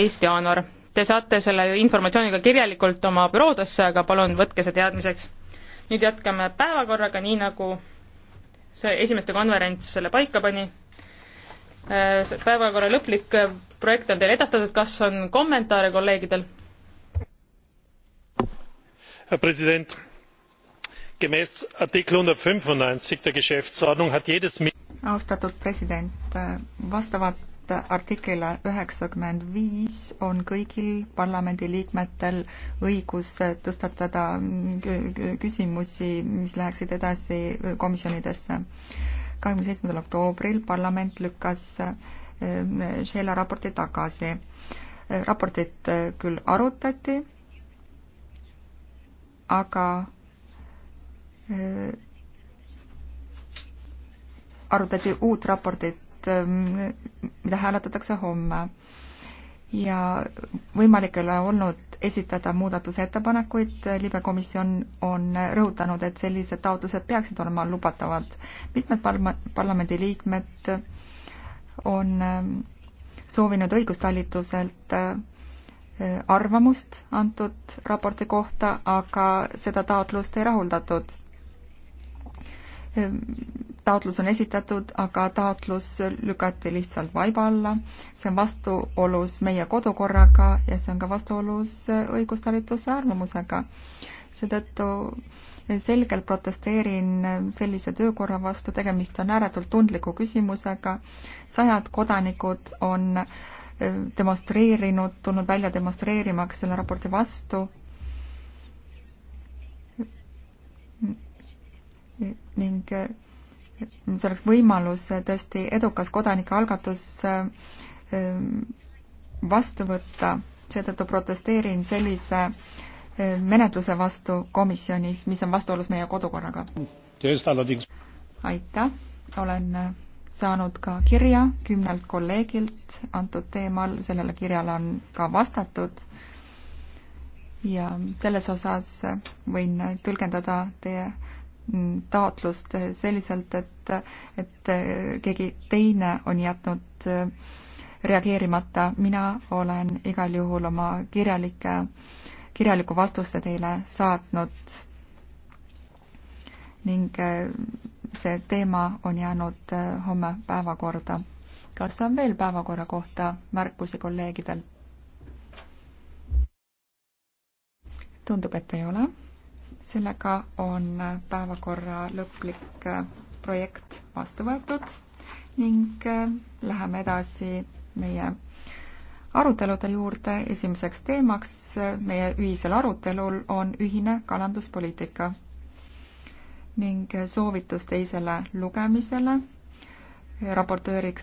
teist jaanuar. Te saate selle informatsiooniga kirjalikult oma büroodesse, aga palun võtke see teadmiseks. nüüd jätkame päevakorraga, nii nagu see esimeste konverents selle paika pani. Äh, päevakorra lõplik äh, projekt on teile edastatud, kas on kommentaare kolleegidel? herr präsident! gemäß artikel einhundertfünfundneunzig der geschäftsordnung hat jedes austatud president äh, vastavalt vastavalt artiklile üheksakümmend viis on kõigil parlamendiliikmetel õigus tõstatada küsimusi, mis läheksid edasi komisjonidesse. kahekümne seitsmendal oktoobril parlament lükkas eh, Sheila raporti tagasi. raportit küll arutati, aga eh, arutati uut raportit raport, ähm, mida hääletatakse homme. ja võimalik ei ole olnud esitada muudatusettepanekuid, libekomisjon on rõhutanud, et sellised taotlused peaksid olema lubatavad. mitmed parla-, parlamendiliikmed on ähm, soovinud õigustalituselt äh, arvamust antud raporti kohta, aga seda taotlust ei rahuldatud äh, taotlus on esitatud, aga taotlus lükati lihtsalt vaiba alla. see on vastuolus meie kodukorraga ja see on ka vastuolus õigustalituse arvamusega. seetõttu selgelt protesteerin sellise töökorra vastu, tegemist on ääretult tundliku küsimusega. sajad kodanikud on eh, demonstreerinud, tulnud välja demonstreerimaks selle raporti vastu ning eh, see oleks võimalus äh, tõesti edukas kodanikualgatus äh, äh, vastu võtta, seetõttu protesteerin sellise menetluse vastu komisjonis, mis on vastuolus meie kodukorraga. aitäh, olen saanud ka kirja kümnelt kolleegilt antud teemal, sellele kirjale on ka vastatud ja selles osas võin tõlgendada teie taotlust selliselt, et, et keegi teine on jätnud reageerimata, mina olen igal juhul oma kirjalike, kirjaliku vastuse teile saatnud ning eh, see teema on jäänud eh, homme päevakorda. kas on veel päevakorra kohta märkusi kolleegidel? tundub, et ei ole sellega on päevakorra lõplik äh, projekt vastu võetud ning äh, läheme edasi meie arutelude juurde. esimeseks teemaks äh, meie ühisel arutelul on ühine kalanduspoliitika ning soovitus teisele lugemisele. raportööriks